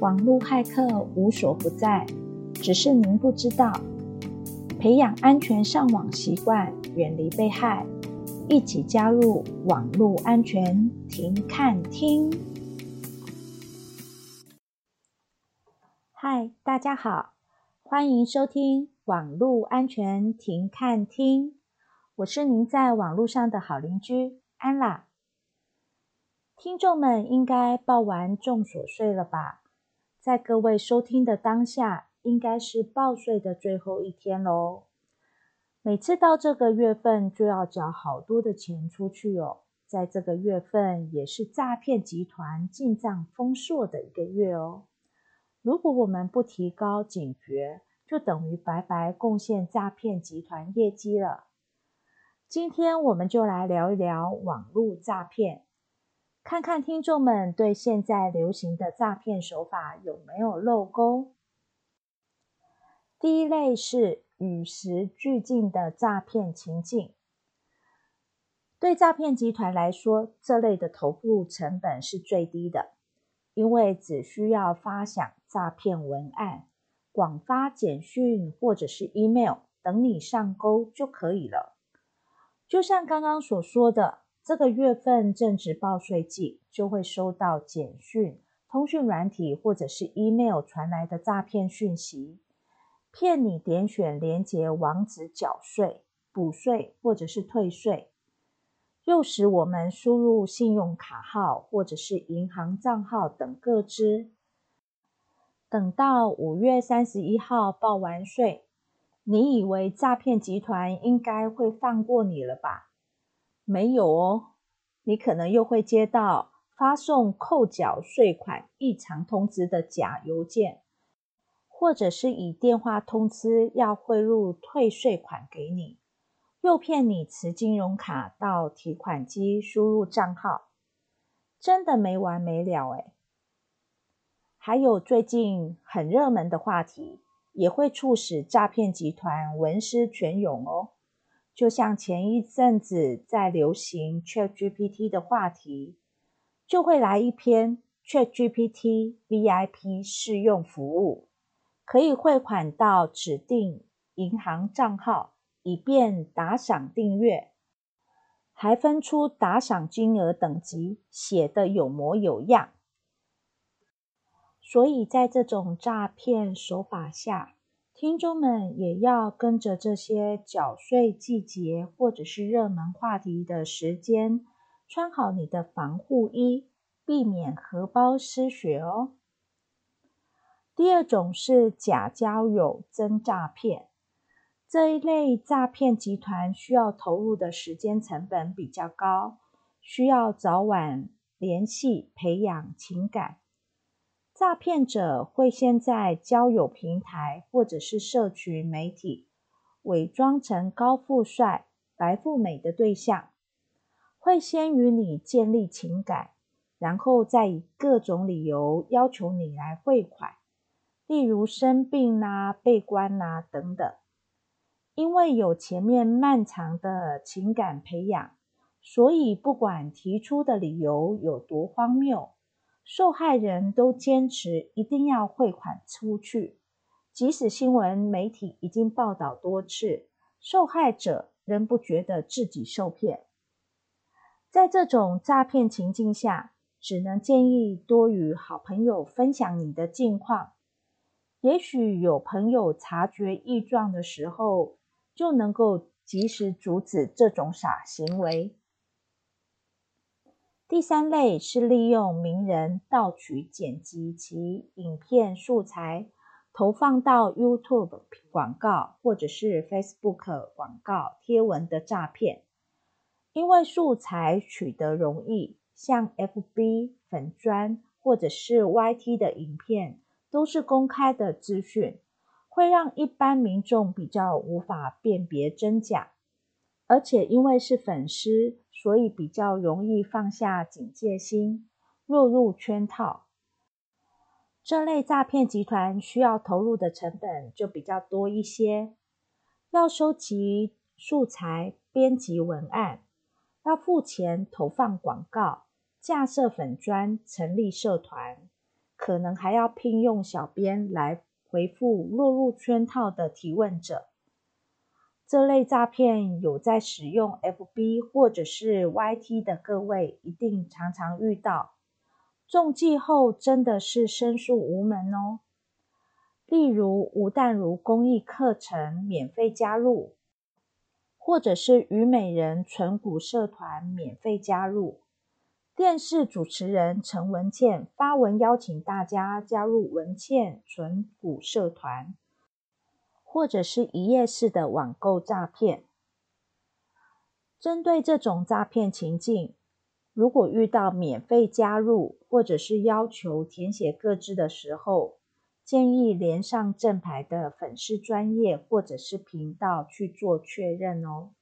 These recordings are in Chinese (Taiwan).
網絡駭客無所不在，只是您不知道。培養安全上網習慣，遠離被害，一起加入網絡安全停看聽。嗨，Hi, 大家好，歡迎收聽網絡安全停看聽。我是您在網絡上的好鄰居安啦。聽眾們應該報完眾所稅了吧？在各位收聽的當下，應該是報稅的最後一天嘍。每次到這個月份就要繳好多的錢出去哦。在這個月份也是詐騙集團進賬豐碩的一個月哦。如果我們不提高警覺，就等於白白貢獻詐騙集團業績了。今天我們就來聊一聊網絡詐騙。看看聽眾們對現在流行的詐騙手法有沒有漏勾？第一類是與時俱進的詐騙情境。對詐騙集團來說，這類的投入成本是最低的，因為只需要發想詐騙文案、廣發簡訊或者是 email，等你上鈎就可以了。就像剛剛所說的。這個月份正值報稅季，就會收到簡訊、通訊軟體或者是 email 傳來的詐騙訊息，騙你點選連結網址繳稅、補稅或者是退稅，誘使我們輸入信用卡號或者是銀行賬號等個資。等到五月三十一號報完稅，你以為詐騙集團應該會放過你了吧？沒有哦，你可能又會接到發送扣繳稅款異常通知的假郵件，或者是以電話通知要匯入退稅款給你，誘騙你持金融卡到提款機輸入賬號，真的沒完沒了哎。還有最近很熱門的話題，也會促使詐騙集團文思泉湧哦。就像前一陣子在流行 ChatGPT 的話題，就會來一篇 ChatGPT VIP 試用服務，可以匯款到指定銀行賬號，以便打賞訂閱，還分出打賞金額等級，寫得有模有樣。所以在這種詐騙手法下，聽眾們也要跟着這些繳稅季節或者是熱門話題的時間，穿好你的防護衣，避免荷包失血哦。第二種是假交友真詐騙，這一類詐騙集團需要投入的時間成本比較高，需要早晚聯繫培養情感。詐騙者會先在交友平台或者是社群媒體偽裝成高富帥、白富美的對象，會先與你建立情感，然後再以各種理由要求你來匯款，例如生病啦、啊、被關啦等等。因為有前面漫長的情感培養，所以不管提出的理由有多荒謬。受害人都堅持一定要匯款出去，即使新聞媒體已經報道多次，受害者仍不覺得自己受騙。在這種詐騙情境下，只能建議多與好朋友分享你的近況，也許有朋友察覺異狀的時候，就能夠及時阻止這種傻行為。第三類是利用名人盜取、剪輯其影片素材，投放到 YouTube 廣告或者是 Facebook 廣告貼文的詐騙。因為素材取得容易，像 FB 粉專，或者是 YT 的影片都是公開的資訊，會讓一般民眾比較無法辨別真假，而且因為是粉絲。所以比較容易放下警戒心，落入圈套。這類詐騙集團需要投入的成本就比較多一些，要收集素材、編輯文案，要付錢投放廣告、架設粉專、成立社團，可能還要聘用小編來回復落入圈套的提問者。這類詐騙有在使用 FB 或者是 YT 的各位，一定常常遇到。中計後真的是申訴無門哦。例如，吳淡如公益課程免費加入，或者是於美人存股社團免費加入。電視主持人陳文茜發文邀請大家加入文茜存股社團。或者是一頁式的網購詐騙。針對這種詐騙情境，如果遇到免費加入或者是要求填寫個資的時候，建議連上正牌的粉絲專頁或者是頻道去做確認哦。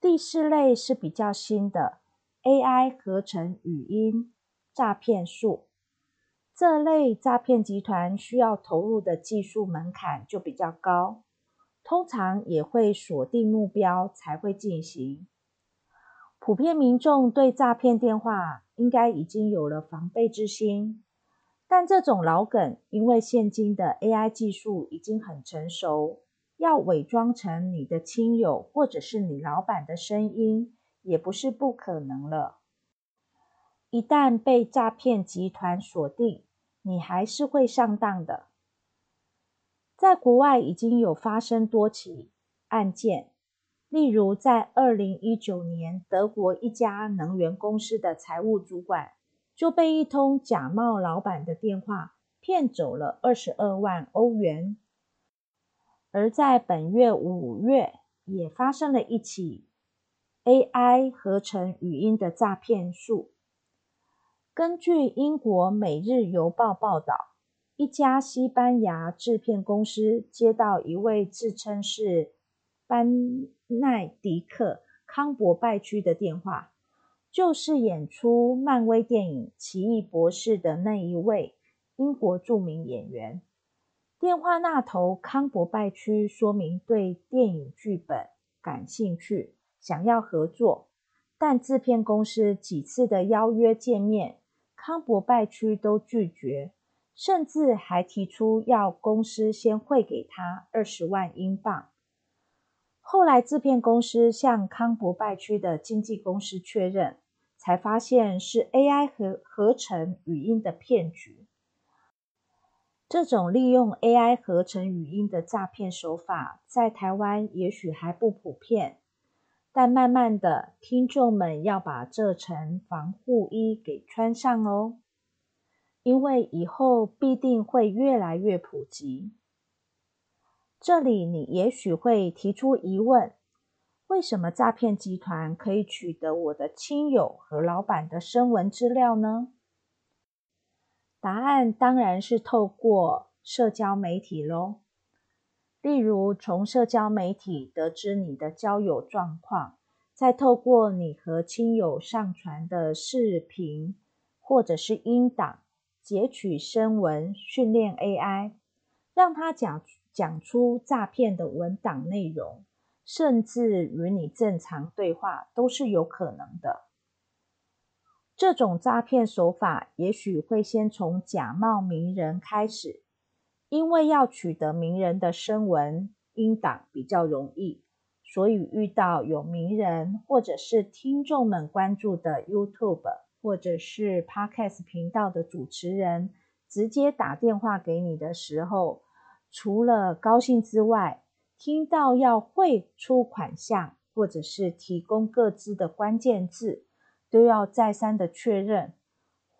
第四類是比較新的 AI 合成語音詐騙術。這類詐騙集團需要投入的技術門檻就比較高，通常也會鎖定目標才會進行。普遍民眾對詐騙電話應該已經有了防備之心，但這種老梗，因為現今的 AI 技術已經很成熟，要偽裝成你的親友或者是你老板的聲音，也不是不可能了。一旦被詐騙集團鎖定，你還是會上當的。在國外已經有發生多起案件，例如在二零一九年，德國一家能源公司的財務主管就被一通假冒老板的電話騙走了二十二萬歐元。而在本月五月，也發生了一起 AI 合成語音的詐騙術。根據英國《每日郵報》報道，一家西班牙製片公司接到一位自稱是班奈迪克·康伯拜區的電話，就是演出漫威電影《奇異博士》的那一位英國著名演員。電話那頭，康伯拜區說明對電影劇本感興趣，想要合作，但製片公司幾次的邀約見面。康伯拜區都拒絕，甚至還提出要公司先匯給他二十萬英鎊。後來制片公司向康伯拜區的經紀公司確認，才發現是 AI 合合成語音的騙局。這種利用 AI 合成語音的詐騙手法，在台灣也許還不普遍。但慢慢的，聽眾們要把這層防護衣給穿上哦，因為以後必定會越來越普及。這裡你也許會提出疑問：為什麼詐騙集團可以取得我的親友和老闆的聲紋資料呢？答案當然是透過社交媒體嘍。例如，從社交媒體得知你的交友狀況，再透過你和親友上傳的視頻或者是音檔截取聲紋訓練 AI，讓他講講出詐騙的文檔內容，甚至與你正常對話都是有可能的。這種詐騙手法也許會先從假冒名人開始。因為要取得名人的聲紋音檔比較容易，所以遇到有名人或者是聽眾們關注的 YouTube 或者是 Podcast 頻道的主持人直接打電話給你的時候，除了高興之外，聽到要匯出款項或者是提供各自的關鍵字，都要再三的確認，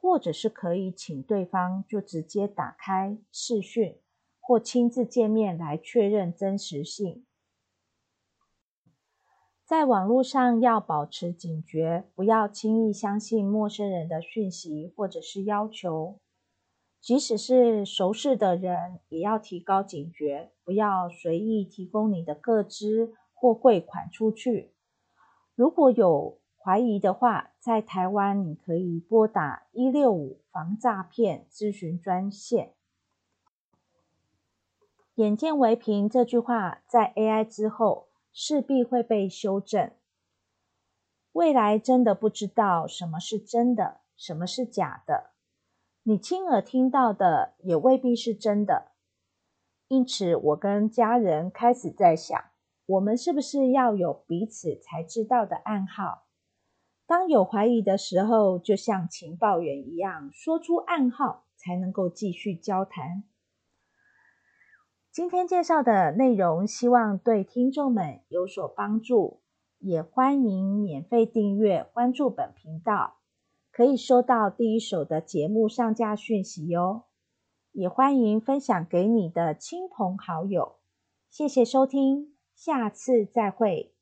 或者是可以請對方就直接打開視訊。或親自見面來確認真實性。在網絡上要保持警覺，不要輕易相信陌生人的訊息或者是要求。即使是熟識的人，也要提高警覺，不要隨意提供你的個資或匯款出去。如果有懷疑的話，在台灣你可以撥打一六五防詐騙諮詢專線。眼見為憑這句話，在 AI 之後勢必會被修正。未來真的不知道什麼是真的，什麼是假的。你親耳聽到的也未必是真的。因此，我跟家人開始在想，我們是不是要有彼此才知道的暗號？當有懷疑的時候，就像情報員一樣，說出暗號才能夠繼續交談。今天介紹的內容，希望對聽眾們有所幫助。也歡迎免費訂閱關注本頻道，可以收到第一手的節目上架訊息喲。也歡迎分享給你的親朋好友。謝謝收聽，下次再會。